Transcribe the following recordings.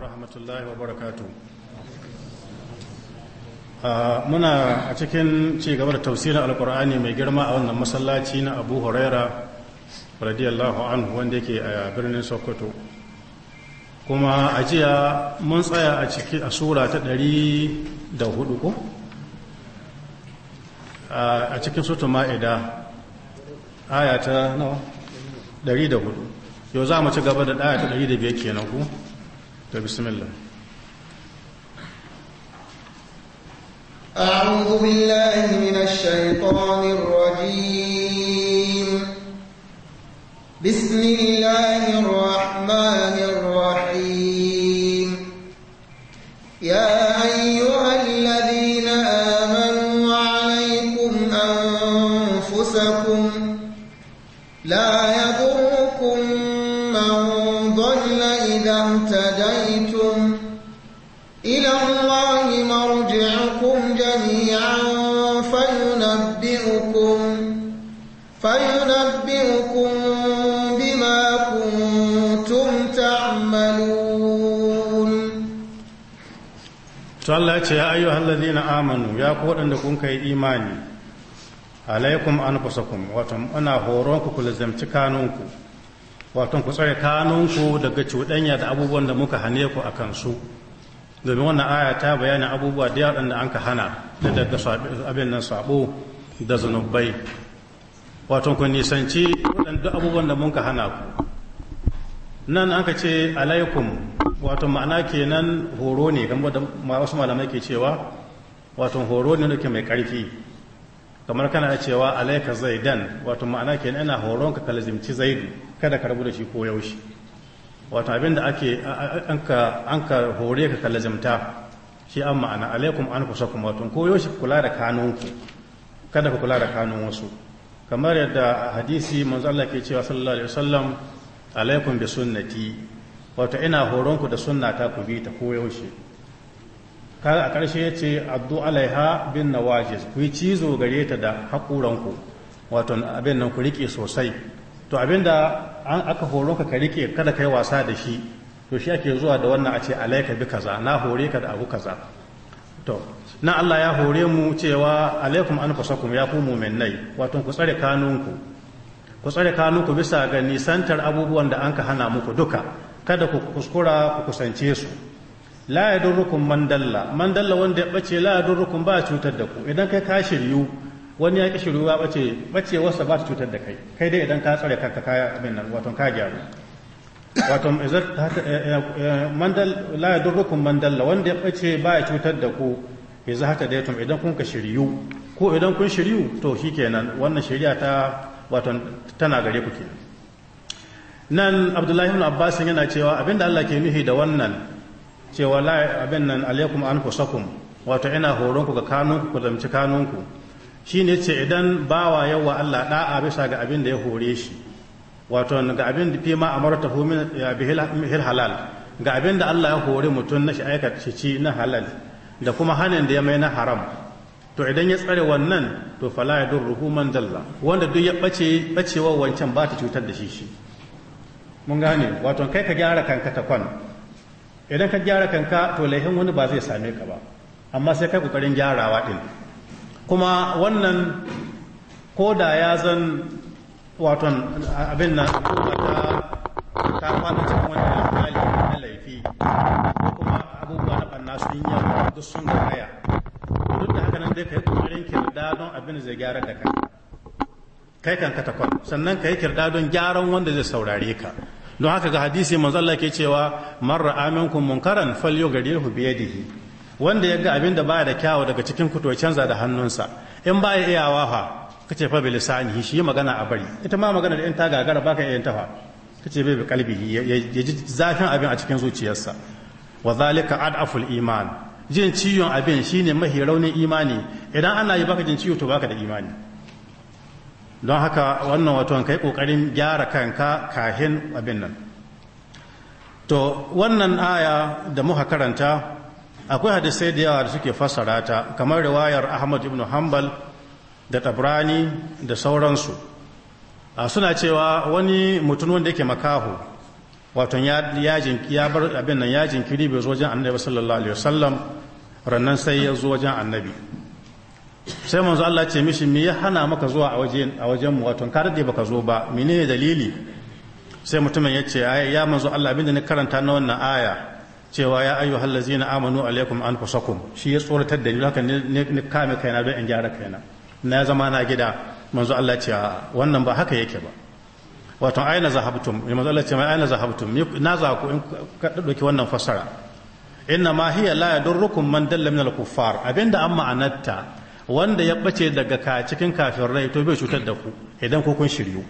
rahmatullahi wa barakatu ah, muna a cikin ci gaba da tafsirin alkur'ani mai girma a wannan masallaci na abu huraira radiyallahu anhu wanda yake a birnin sokoto kuma a jiya mun tsaya a ciki a sura ta ɗari da hudu ko ah, a cikin sutu ma'ida aya ta nawa ɗari da hudu yau za mu ci gaba da ɗaya ta ɗari da biyar kenan ku طيب بسم الله أعوذ بالله من الشيطان الرجيم to Allah ya ce ya ayyuhal ladina amanu ya ku waɗanda kun kai imani alaikum anfusakum wato ana horon ku ku kanunku wato ku tsare kanunku daga cuɗanya da abubuwan da muka hane ku a kansu domin wannan aya ta bayani abubuwa da yawa da an ka hana da daga abin nan sabo da zunubai wato ku nisanci waɗanda abubuwan da muka hana ku nan an ka ce alaikum wato ma'ana kenan horo ne kamar da wasu malamai ke cewa wato horo ne ke mai karfi kamar kana cewa alaika zaidan wato ma'ana kenan ina horon ka kalzimci zaidu kada ka rabu da shi ko yaushe wato abin da ake an ka hore ka kalzimta shi an ma'ana alaikum an kusa kuma wato ko yaushe kula da kanunku kada ku kula da kanun wasu kamar yadda hadisi manzo Allah ke cewa sallallahu alaihi wasallam alaikum bi sunnati wato ina horonku da sunna ta ku bi ta koyaushe kaga a ƙarshe ya ce addu alaiha bin nawajis ku yi cizo gare ta da haƙuranku wato abin nan ku riƙe sosai to abin da an aka horo ka riƙe kada kai wasa da shi to shi ake zuwa da wannan a ce alaika bi kaza na hore ka da abu kaza to na Allah ya hore mu cewa alaikum an kuma ya ku mu'minnai wato ku tsare kanunku ku tsare kanunku bisa ga nisantar abubuwan da an ka hana muku duka kada ku kuskura ku kusance su la ya durrukun mandalla mandalla wanda ya bace la durrukun ba cutar da ku idan kai ka shiryu wani ya ki shiryu ba bace bace wasa ba ta cutar da kai kai dai idan ka tsare kanka kaya abin nan wato ka gyaru wato eh, eh, eh, man dalla la ya durrukun mandalla. wanda ya bace ba ya cutar da ku yanzu haka da yatum idan kun ka shiryu ko idan kun shiryu to shikenan wannan shari'a ta wato tana gare ku kenan nan abdullahi ibn abbas yana cewa abinda Allah ke nufi da wannan cewa la abin nan alaikum fusakum, wato ina horon ku ga kanun ku zamci kanun ku shine ce idan bawa yawa Allah da'a bisa ga abin da ya hore shi wato ga abin da fi ma amarta hu min bihil halal ga abin da Allah ya hore mutum na shi aikata ci na halal da kuma hanin da ya mai na haram to idan ya tsare wannan to fala yadurruhu ruhuman dalla wanda duk ya bace bacewa wancan ba ta cutar da shi shi mun gane wato kai ka gyara kanka ta kwan idan ka gyara kanka to laihin wani ba zai same ka ba amma sai kai kokarin gyarawa din kuma wannan ko da ya zan wato abin nan ta kwana cikin wani hali na laifi ko kuma abubuwa na ɓanna sun yi duk sun gaya duk da haka nan dai kai kokarin ƙoƙarin kirda don abin zai gyara da kai kai kan ka sannan kai yi kirda don gyaran wanda zai saurare ka don haka ga hadisi manzo Allah ke cewa man ra'a minkum munkaran falyughayyirhu bi yadihi wanda ya ga abin da baya da kyawu daga cikin ku to canza da hannunsa in baya iyawa fa kace fa bil lissani shi magana a bari ita ma magana da in ta gagara baka yin ta fa kace bai bi kalbihi ya ji zafin abin a cikin zuciyarsa wa zalika aful iman jin ciyon abin shine mahi raunin imani idan ana yi baka jin ciyo to baka da imani don haka wannan wato kai ƙoƙarin gyara kanka kahin abin nan to wannan aya da muka karanta akwai hadisai da yawa da suke fassara ta kamar riwayar ahmad ibn hanbal da tabrani da sauransu suna cewa wani mutum wanda yake makaho wato ya bar abin nan ya jinkiri bai zo wajen annabi sallallahu alaihi wasallam rannan sai ya zo wajen annabi sai manzo Allah ce mishi me ya hana maka zuwa a wajen a wajen mu wato ka dade baka zo ba menene dalili sai mutumin ya ce ya manzo Allah abinda ni karanta na wannan aya cewa ya ayyuhal ladzina amanu alaikum anfusakum shi ya tsoratar da ni haka ni kame kaina don in gyara kaina na zama na gida manzo Allah ce wannan ba haka yake ba wato aina zahabtum manzo Allah ce mai aina zahabtum na za ku in ka dauki wannan fasara inna ma hiya la yadurrukum man dalla min al-kuffar abinda amma anatta wanda ya bace daga cikin kafin rai to bai cutar da ku idan ku kun shiryu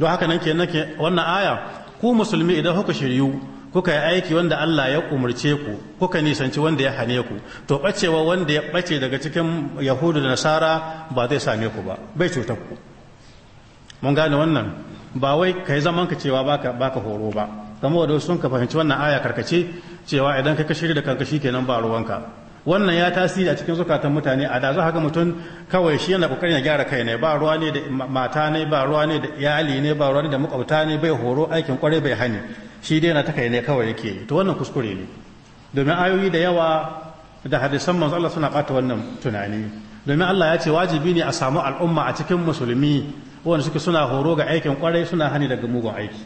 don haka nan ke nake wannan aya ku musulmi idan kuka shiryu kuka yi aiki wanda Allah ya umarce ku kuka nisanci wanda ya hane ku to bacewa wanda ya bace daga cikin yahudu da nasara ba zai same ku ba bai cutar ku mun gane wannan ba wai ka yi zaman ka cewa baka baka horo ba kamar wanda sun ka fahimci wannan aya karkace cewa idan ka shirya da kanka shikenan ba ruwanka wannan ya tasiri a cikin zukatan mutane a da za ga mutum kawai shi yana kokarin ya gyara kai ne ba ruwa ne da mata ne ba ruwa ne da iyali ne ba ruwa ne da makwabta ne bai horo aikin kware bai hani shi dai na takai ne kawai yake to wannan kuskure ne domin ayoyi da yawa da hadisan manzo Allah suna bata wannan tunani domin Allah ya ce wajibi ne a samu al'umma a cikin musulmi wanda suke suna horo ga aikin kware suna hani daga mugun aiki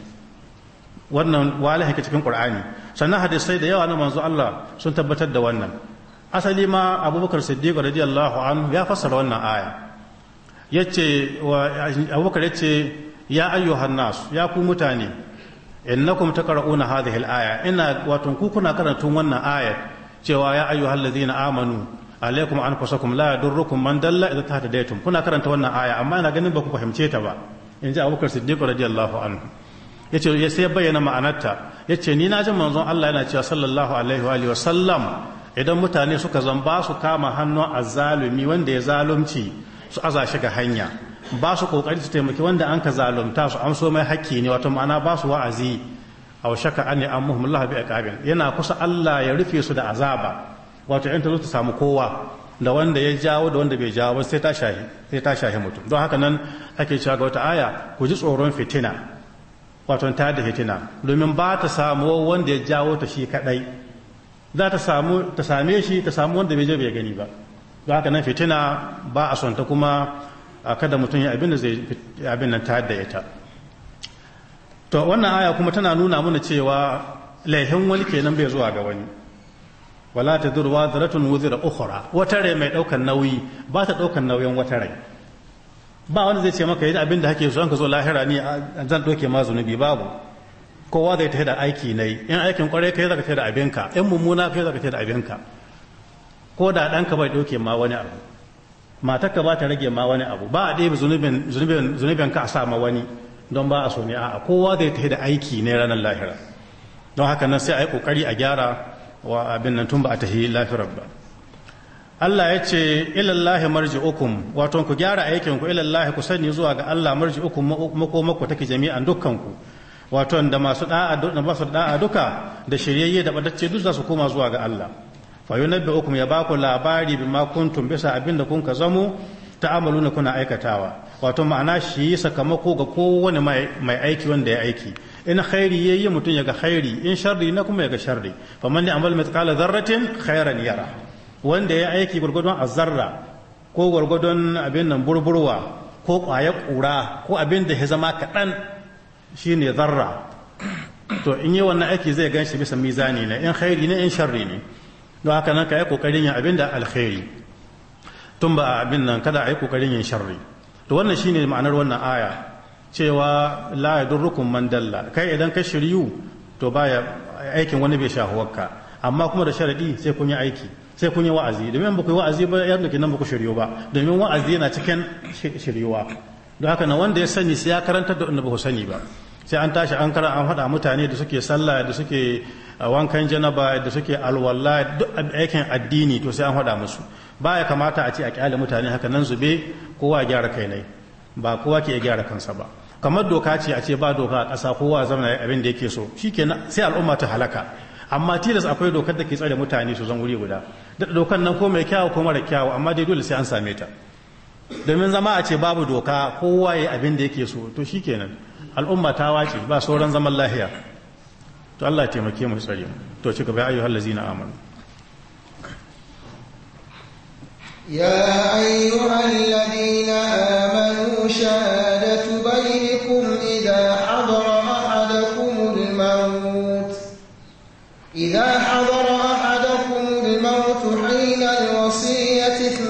wannan walahi cikin qur'ani sannan hadisai da yawa na manzo Allah sun tabbatar da wannan asali ma abubakar siddiq radiyallahu anhu ya fassara wannan aya yace wa abubakar yace ya ayyuhan nas ya ku mutane innakum taqra'una hadhihi al-aya ina wato ku kuna karantun wannan aya. cewa ya ayyuhal ladzina amanu alaikum anfusakum la yadurrukum man dalla idza tahtadaytum kuna karanta wannan aya amma ina ganin ba ku fahimce ta ba inji abubakar siddiq radiyallahu anhu yace ya sai bayyana ma'anarta yace ni na ji manzon Allah yana cewa sallallahu alaihi wa sallam idan mutane suka zan ba su kama hannun azzalumi wanda ya zalunci su aza shi ga hanya ba su kokari su taimaki wanda an ka zalunta su amso mai hakki ne wato ma'ana ba su wa'azi wasu shaka an ya amma Allah bi aqabin yana kusa Allah ya rufe su da azaba wato in ta zo ta samu kowa da wanda ya jawo da wanda bai jawo ba sai ta shahi sai ta shahi mutum don haka nan ake cewa ga wata aya ku ji tsoron fitina wato ta da fitina domin ba ta samu wanda ya jawo ta shi kadai za ta same shi ta samu wanda bai je bai gani ba don haka nan fitina ba a son ta kuma kada mutum ya abin da zai abin nan ta da ita to wannan aya kuma tana nuna mana cewa laihin wani kenan bai zuwa ga wani wala ta durwa zaratun wuzira ukhra wata rai mai daukan nauyi ba ta daukan nauyin wata rai ba wanda zai ce maka yi abin da hake so an ka zo lahira ni zan doke ma zunubi babu kowa zai tafi da aiki na yi in aikin kwarai kai zaka tafi da abinka in mummuna kai zaka tafi da abinka ko da ɗanka bai ɗauke ma wani abu matarka ba ta rage ma wani abu ba a ɗebe zunubin ka a sa ma wani don ba a so ne a kowa zai tafi da aiki ne ranar lahira don haka nan sai a yi ƙoƙari a gyara wa abin nan tun ba a tafi lahirar ba Allah ya ce ilallahi ukum wato ku gyara aikin ku ilallahi ku sani zuwa ga Allah marji'ukum makomakku take jami'an dukkanku wato da masu da'a duka da shiryayye da badacce duk za su koma zuwa ga Allah fa uku ya baku labari bima kuntum bisa abinda kun ka zamo ta'amaluna kuna aikatawa wato ma'ana shi sakamako ga kowane mai aiki wanda ya aiki in khairi yayi mutum ya ga khairi in sharri na kuma ya ga sharri fa man ya'mal mithqala dharratin khairan yara wanda ya aiki gurgudun azzarra ko gurgudun abin nan burburwa ko kwaya ƙura, ko abin da ya zama kaɗan shine zarra to in yi wannan aiki zai gan shi bisa mizani ne in khairi ne in sharri ne don haka nan ka yi kokarin yin abin da alkhairi tun ba abin nan kada a yi kokarin yin sharri to wannan shine ma'anar wannan aya cewa la yadurrukum man dalla kai idan ka shiryu to baya aikin wani bai shahuwarka amma kuma da sharadi sai kun yi aiki sai kun yi wa'azi domin ba ku yi wa'azi ba yadda ke nan ba ku shiryu ba domin wa'azi yana cikin shiryuwa don haka nan wanda ya sani sai ya karantar da wanda ba ku sani ba sai an tashi an kara an faɗa mutane da suke sallah da suke uh, wankan janaba da suke alwala duk aikin addini to sai an faɗa musu ba ya kamata a ce a kyale mutane haka nan zube kowa gyara kai ne ba kowa ke gyara kansa ba kamar doka ce a ce ba doka a ƙasa kowa zama abin da yake so shikenan sai al'umma ta halaka amma tilas akwai dokar da ke tsare mutane su zan wuri guda da dokar nan ko mai kyawu ko mara kyawu amma dai dole sai an same ta domin zama a ce babu doka kowa ya abin da yake so to shi shikenan al'umma ta wace ba sauran zaman lahiya to Allah taimake mu tsare to ci gaba ayyuhal ladzina amanu يا أيها الذين آمنوا شهادة بينكم إذا حضر أحدكم الموت إذا حضر أحدكم الموت حين الوصية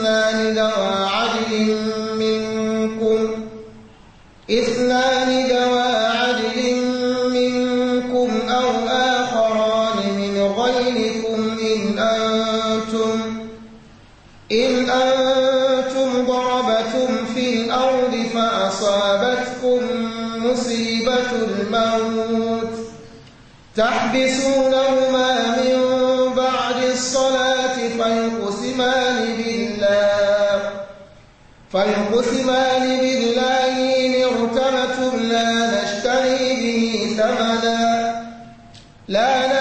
الموت تحبسونهما من بعد الصلاة فيقسمان بالله فيقسمان بالله إن ارتبتم لا نشتري به ثمنا لا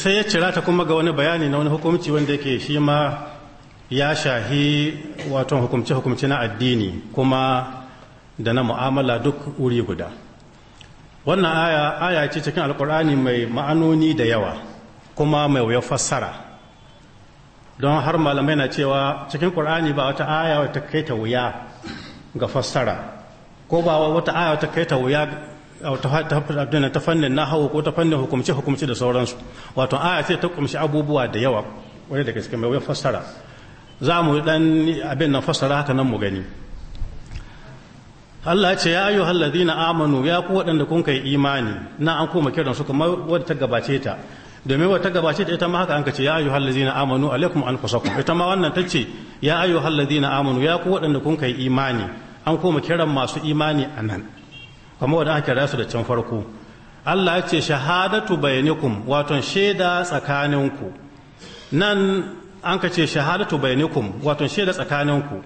sai ya cira ta kuma ga wani bayani na wani hukunci wanda yake shi ma ya shahi wato hukumce hukumce na addini kuma da na mu'amala duk wuri guda wannan aya aya ce cikin alkur'ani mai ma'anoni da yawa kuma mai wuya fassara don har malamai na cewa cikin ƙur'ani ba wata aya wata kai ta wuya ga fassara ko ba wata aya wata kai ta wuya ta fannin na hau ko ta fannin hukumce hukumce da sauransu wato aya ce ta kumshi abubuwa da yawa wani daga cikin mai fassara za mu yi dan abin nan fassara haka nan mu gani Allah ce ya ayyuhal ladina amanu ya ku waɗanda kun kai imani na an koma kiran su kamar wadda ta gabace ta domin wata gabace ta ita ma haka an ka ce ya ayyuhal ladina amanu alaikum anfusakum ita ma wannan ta ce ya ayyuhal ladina amanu ya ku waɗanda kun kai imani an koma kiran masu imani anan kamar wadda aka rasu da can farko Allah ya ce shahadatu bayanikum wato shaida tsakaninku nan an ka ce shahadatu bayanikum wato shaida tsakaninku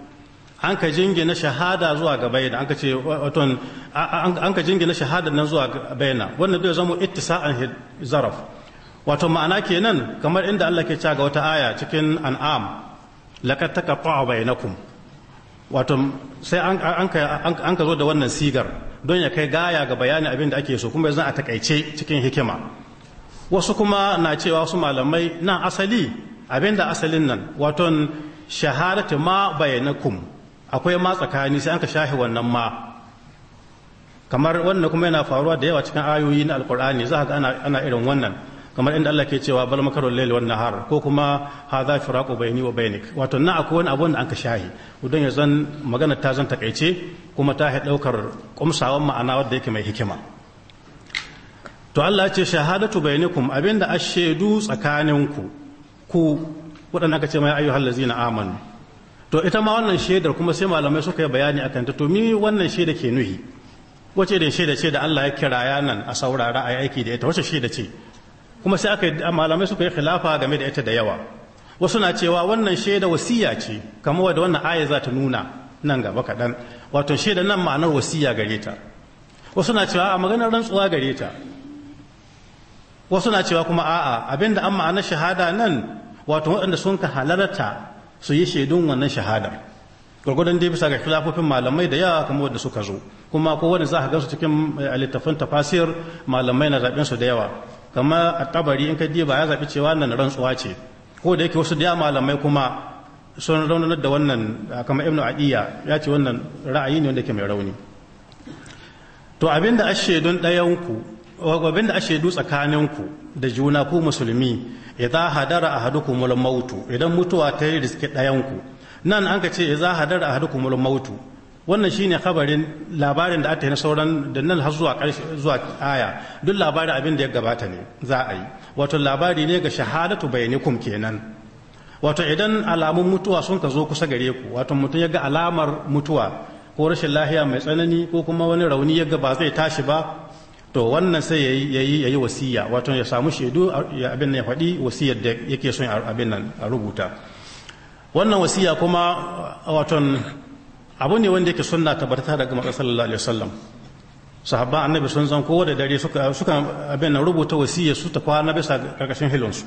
an ka jingina shahada zuwa ga bayna an ka ce wato an ka jingina shahada nan zuwa ga bayna wannan zai zama ittisa'an zaraf wato ma'ana kenan kamar inda Allah ke ga wata aya cikin an'am laqad taqa'a bainakum wato sai an ka zo da wannan sigar don ya kai gaya ga bayanin abin da ake so kuma yanzu a takaice cikin hikima wasu kuma na cewa wasu malamai nan asali abin da asalin nan waton shahadatu ma bayanakum akwai ma tsakani sai an ka shahi wannan ma kamar wannan kuma yana faruwa da yawa cikin ayoyi na alkur'ani za ga ana irin wannan kamar inda Allah ke cewa bal makaru layl wan nahar ko kuma hadha firaqu bayni wa bainik wato na akwai wani abu da anka shahi don ya zan magana ta zan takaice kuma ta haɗa daukar kumsawan ma'ana wanda yake mai hikima to Allah ce shahadatu bainakum abinda ashaidu tsakaninku ku waɗanda aka ce mai ayyuhal ladzina amanu to ita ma wannan shaidar kuma sai malamai suka yi bayani akan ta to mi wannan shaida ke nuhi wace da shaida ce da Allah ya kiraya nan a saurara a aiki da ita wace shaida ce kuma sai aka yi malamai suka yi khilafa game da ita da yawa wasu na cewa wannan shaida wasiya ce kamar wadda wannan aya za ta nuna nan gaba kaɗan wato shaida nan ma'anar wasiya gare ta wasu na cewa a maganar rantsuwa gare ta wasu na cewa kuma a'a abinda an ma'ana shahada nan wato waɗanda sun ka halarta su yi shaidun wannan shahada gwargwadon dai bisa ga filafofin malamai da yawa kamar wadda suka zo kuma ko wani za ka gansu cikin eh, littafin tafasir malamai na zaɓensu da yawa kama a tabari in ka ba ya zaɓi cewa nan rantsuwa ce ko da yake wasu da malamai kuma sun raunanar da wannan kama ibnu adiya ya ce wannan ra'ayi ne wanda ke mai rauni to abin da ashedun ɗayanku abin da ashedu tsakaninku da juna ku musulmi ya za hadara a ahadukumul mautu idan mutuwa ta yi riske ɗayanku nan an ka ce ya za hadara a ahadukumul mautu wannan shine kabarin labarin da aka yi na sauran da nan har zuwa ƙarshe zuwa aya duk labarin abin da ya gabata ne za a yi wato labari ne ga shahadatu bayanikum kenan wato idan alamun mutuwa sun ka zo kusa gare ku wato mutum ya ga alamar mutuwa ko rashin lahiya mai tsanani ko kuma wani rauni ya ga ba zai tashi ba to wannan sai ya yi ya yi wasiya wato ya samu shaidu abin nan ya faɗi wasiyar da yake son abin nan a rubuta wannan wasiya kuma waton abu ne wanda yake sunna tabbata daga manzon sallallahu alaihi wasallam sahabba annabi sun zan kowa da dare suka suka abin nan rubuta wasiyya su ta kwana bisa karkashin hilonsu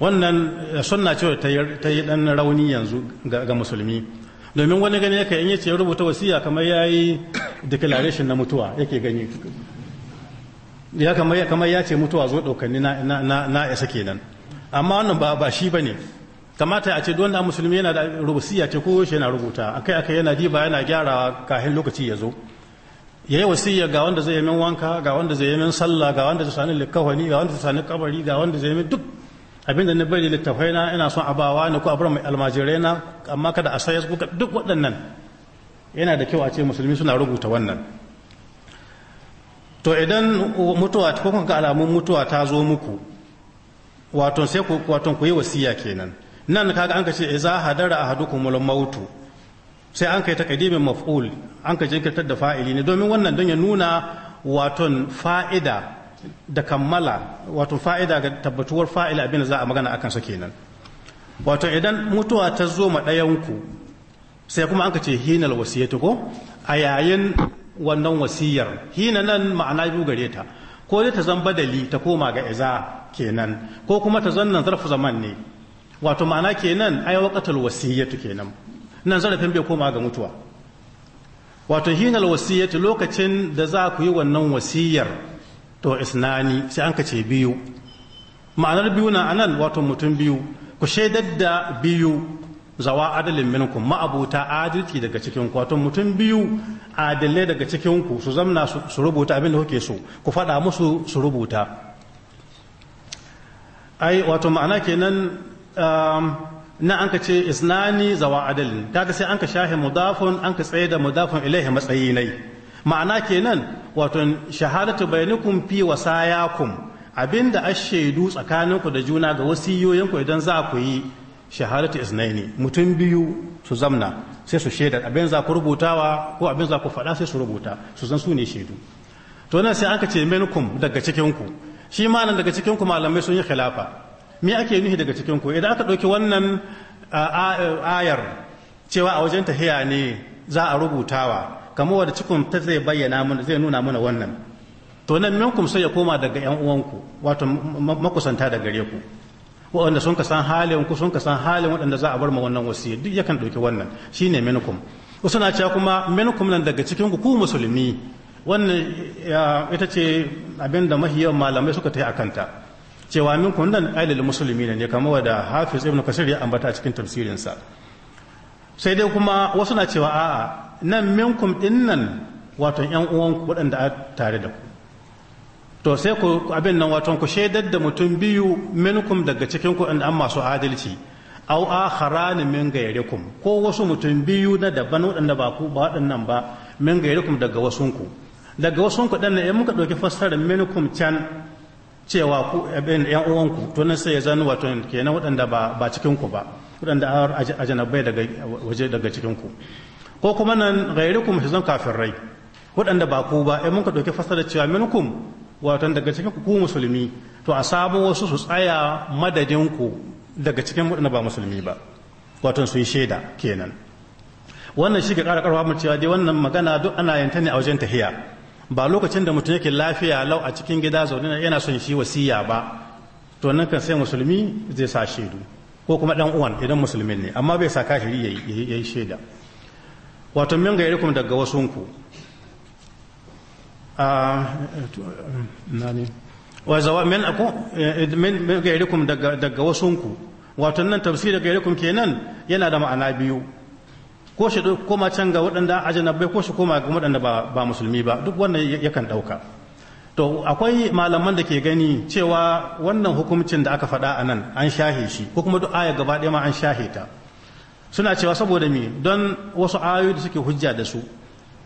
wannan eh, sunna ce ta yi dan rauni yanzu ga musulmi domin wani gani yake in yace rubuta wasiya kamar yayi declaration na mutuwa yake gani ya kamar ya ce mutuwa zo daukanni na na isa kenan amma wannan ba ba shi bane kamata a ce don da musulmi yana da rubusiya ce ko yana rubuta akai akai yana diba yana gyara kafin lokaci ya zo ya yi ga wanda zai yi min wanka ga wanda zai yi min sallah ga wanda zai sani likawani ga wanda zai sani kabari ga wanda zai yi min duk abin da na bari littafai na ina son abawa ne ko abar mai almajirai na amma kada a sayar kuka duk waɗannan yana da kyau a ce musulmi suna rubuta wannan to idan mutuwa ko kun ga alamun mutuwa ta zo muku wato sai ku wato ku yi wasiya kenan nan kaga an ka ce iza hadara ahadukumul mautu sai an kai takadimin maf'ul an ka jinkirtar da fa'ili ne domin wannan don ya nuna waton fa'ida da kammala wato fa'ida ga tabbatuwar fa'ila abin da za a magana akan sa kenan wato idan mutuwa ta zo ma ɗayanku sai kuma an ka ce hinal wasiyatu ko a yayin wannan wasiyar hina nan ma'ana biyu gare ta ko dai ta zan badali ta koma ga iza kenan ko kuma ta zan zarfu zaman ne wato ma'ana kenan ai waqatul wasiyyatu kenan nan zarafin bai koma ga mutuwa wato hinal wasiyyatu lokacin da za ku yi wannan wasiyar to isnani sai an kace biyu ma'anar biyu na anan wato mutum biyu ku shaidar da biyu zawa adalin minkum ma'abuta adalci daga cikin ku wato mutum biyu adalai daga cikin ku su zamna su rubuta abin da kuke so ku faɗa musu su rubuta ai wato ma'ana kenan Um, na an ka ce isnani zawa adalin kaga sai an ka shahi mudafun an ka tsaye da mudafun ilaihi matsayi nai ma'ana kenan wato shahadatu bainakum fi wasayakum abinda ashaidu tsakaninku da juna ga wasiyoyinku idan za ku yi shahadatu isnani mutum biyu su zamna sai su shaida abin za ku rubutawa ko abin za ku faɗa sai su rubuta su zan su ne shaidu to nan sai an ka ce minkum daga cikinku shi ma nan daga cikinku malamai sun yi khilafa me ake nufi daga cikin ku idan aka ɗauki wannan ayar cewa a wajen tahiya ne za a rubutawa kamar wadda cikin ta zai bayyana mana zai nuna mana wannan to nan minkum sai ya koma daga yan uwanku wato makusanta da gare ku waɗanda sun ka san halin ku sun ka san halin waɗanda za a bar ma wannan wasiyya duk yakan ɗauki wannan shine minkum wasu cewa kuma minkum nan daga cikin ku ku musulmi wannan ita ce abinda mahiyar malamai suka ta yi a kanta cewa min kun nan ailil musulmi ne kama da hafiz ibn kasir ya ambata a cikin tafsirinsa sai dai kuma wasu na cewa a'a nan kun din nan wato yan uwanku waɗanda a tare da ku to sai ku abin nan wato ku shaidar da mutum biyu kun daga cikin ku an masu adalci au akharan min gairikum ko wasu mutum biyu na daban waɗanda ba ku ba waɗannan ba min gairikum daga wasunku daga wasunku ɗan in muka ɗauki fassarar kun can cewa ku yan uwanku to nan sai ya zanu wato kenan waɗanda ba ba cikin ku ba waɗanda bai daga waje daga cikin ku ko kuma nan ghairukum hizan kafirai waɗanda ba ku ba mun ka ɗauki fasara cewa minkum wato daga cikin ku musulmi to a sabo wasu su tsaya madadin ku daga cikin waɗanda ba musulmi ba wato su yi shaida kenan wannan shi ke ƙara ƙarfa mu cewa dai wannan magana duk ana yanta ne a wajen tahiya ba lokacin da mutum yake lafiya lau a cikin gida zaune yana son shi wasiya ba to nan kan sai musulmi zai sa shaidu ko kuma dan uwan idan musulmin ne amma bai sa kashiri ya yi shaida wato min ga yarkum daga wasunku ah, wa zawa min aku min ga yarkum daga wasunku wato nan tafsir daga yarkum kenan yana da ma'ana biyu ko shi koma can ga waɗanda bai ko shi koma ga waɗanda ba musulmi ba duk wannan yakan ɗauka to akwai malaman da ke gani cewa wannan hukuncin da aka faɗa a nan an shahe shi ko kuma duk aya gaba ɗaya ma an shahe ta suna cewa saboda mi don wasu ayoyi da suke hujja da su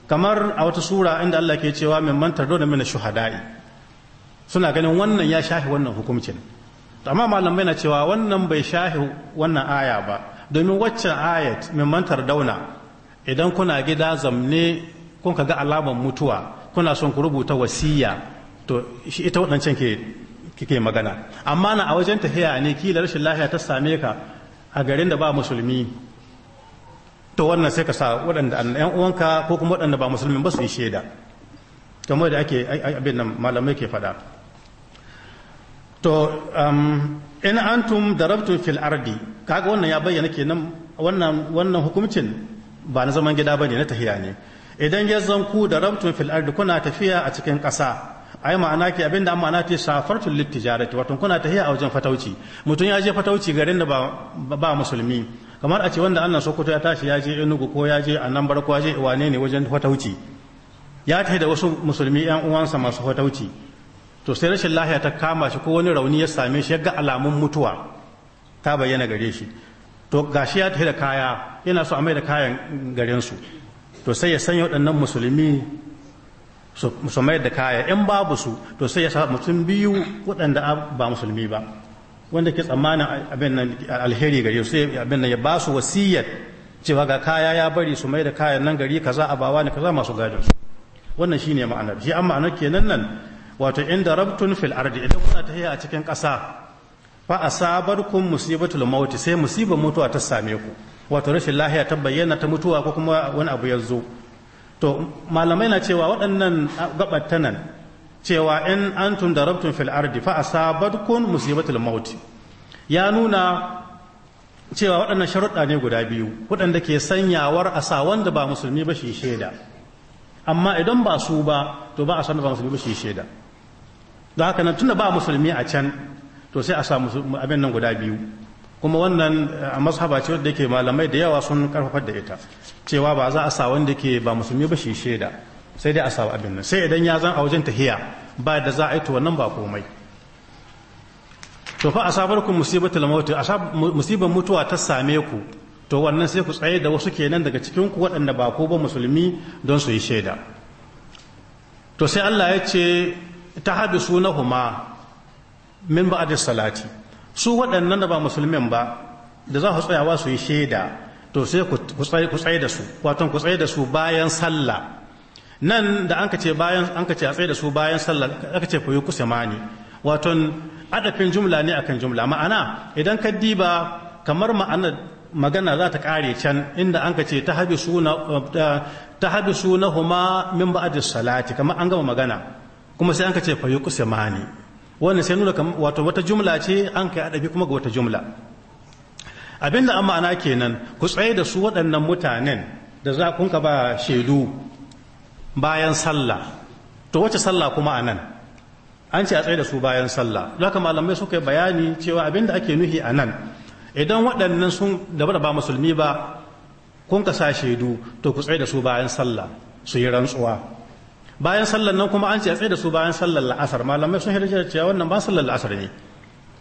kamar a wata sura inda Allah ke cewa min mantar da mina shuhada'i suna ganin wannan ya shahe wannan hukuncin amma malamai na cewa wannan bai shahe wannan aya ba domin waccan ayat min mantar dauna idan kuna gida zamne kun ga alamar mutuwa kuna son ku rubuta wasiya to shi ita waɗancan ke kike magana amma na a wajen tafiya ne kila rashin lahiya ta same ka a garin da ba musulmi to wannan sai ka sa waɗanda yan uwanka ko kuma waɗanda ba musulmi ba su yi shaida kamar da ake abin nan malamai ke faɗa to um, in antum darabtum fil ardi kaga wannan ya bayyana kenan wannan wannan hukuncin ba na zaman gida bane na tahiya ne idan ya zanku da rabtun fil ardi kuna tafiya a cikin ƙasa ai ma'ana ke abinda an ma'ana ta safartul littijarati wato kuna tahiya a wajen fatauci mutum ya je fatauci garin da ba musulmi kamar a ce wanda Allah Sokoto ya tashi ya je Enugu ko ya je a nan ko ya je wane ne wajen fatauci ya tafi da wasu musulmi yan uwansa masu fatauci to sai rashin lahiya ta kama shi ko wani rauni ya same shi ya ga alamun mutuwa ta bayyana gare shi to gashi ya tafi da kaya yana so a mai da kayan garinsu to sai ya sanya waɗannan musulmi su mai da kaya in babu su to sai ya sa mutum biyu waɗanda ba musulmi ba wanda ke tsammanin abin nan alheri gare su abin nan ya ba su wasiyar cewa ga kaya ya bari su mai da kayan nan gari kaza a bawa ne kaza masu gadon su wannan shine ma'anar shi an ma'anar kenan nan wato inda rabtun fil ardi idan kuna tafiya a cikin ƙasa fa a sabar kun musibatul maut sai musibar mutuwa ta same ku wato rashin lahiya ta bayyana ta mutuwa ko kuma wani abu ya zo to malamai na cewa waɗannan nan cewa in antum darabtum fil ardi fa kun musibatul maut ya nuna cewa waɗannan sharuɗa ne guda biyu waɗanda ke sanyawar a sa wanda ba musulmi ba shi shaida amma idan ba su ba to ba a san ba musulmi ba shi shaida don haka nan tunda ba musulmi a can to sai a sa abin nan guda biyu kuma wannan a eh, mashaba ce wadda yake malamai da yawa sun karfafar da ita cewa ba za a sa wanda ke ba musulmi ba shi shaida sai dai a sa abin nan sai idan ya zan a wajen tahiya ba da za a yi to wannan ba komai to fa asabarkum musibatul maut musibar mutuwa ta same ku to wannan sai ku tsaye da wasu kenan daga cikin ku waɗanda ba ko ba musulmi don su yi shaida to sai Allah ya ce ta habisu na huma min adis salati su waɗannan da ba musulmin ba da za su tsayawa su yi shaida to sai ku tsaye da su wato ku tsaye da su bayan sallah nan da an ka ce bayan an ka a tsaye da su bayan sallah aka ce ku yi kusamani wato adafin jumla ne akan jumla ma'ana idan ka diba kamar ma'ana magana za ta kare can inda an ka ce ta habi suna eh, huma min ba'adis salati kamar an gama magana kuma sai an ka ce fa yi wannan sai nuna wato wata jumla ce an kai adabi kuma ga wata jumla abinda an ma'ana kenan ku tsaye da su waɗannan mutanen da za kun ka ba shaidu bayan sallah to wace sallah kuma a nan an ce a tsaye da su bayan sallah ka malamai suka yi bayani cewa abinda ake nuhi a nan idan waɗannan sun da ba musulmi ba kun ka sa shaidu to ku tsaye da su bayan sallah su yi rantsuwa bayan sallar nan kuma an ce a tsaye da su bayan sallar la'asar malamai sun hirce cewa wannan ba sallar la'asar ne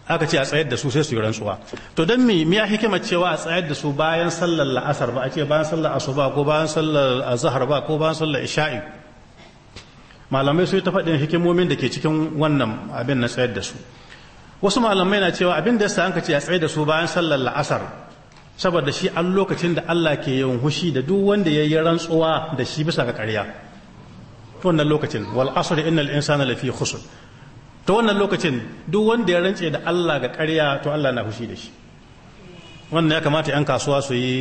aka ce a tsayar da su sai su yi rantsuwa to don me ya hikimar cewa a tsayar da su bayan sallar la'asar ba a ce bayan sallar asuba ko bayan sallar azhar ba ko bayan sallar isha'i malamai su yi ta faɗin hikimomin da ke cikin wannan abin na tsayar da su wasu malamai na cewa abin da ya sa an ce a tsayar da su bayan sallar la'asar saboda shi an lokacin da Allah ke yin hushi da duk wanda ya yi rantsuwa da shi bisa ga ƙarya ta wannan lokacin wal asr innal insana lafi khusr ta wannan lokacin duk wanda ya rance da Allah ga ƙarya to Allah na fushi da shi wannan ya kamata yan kasuwa su yi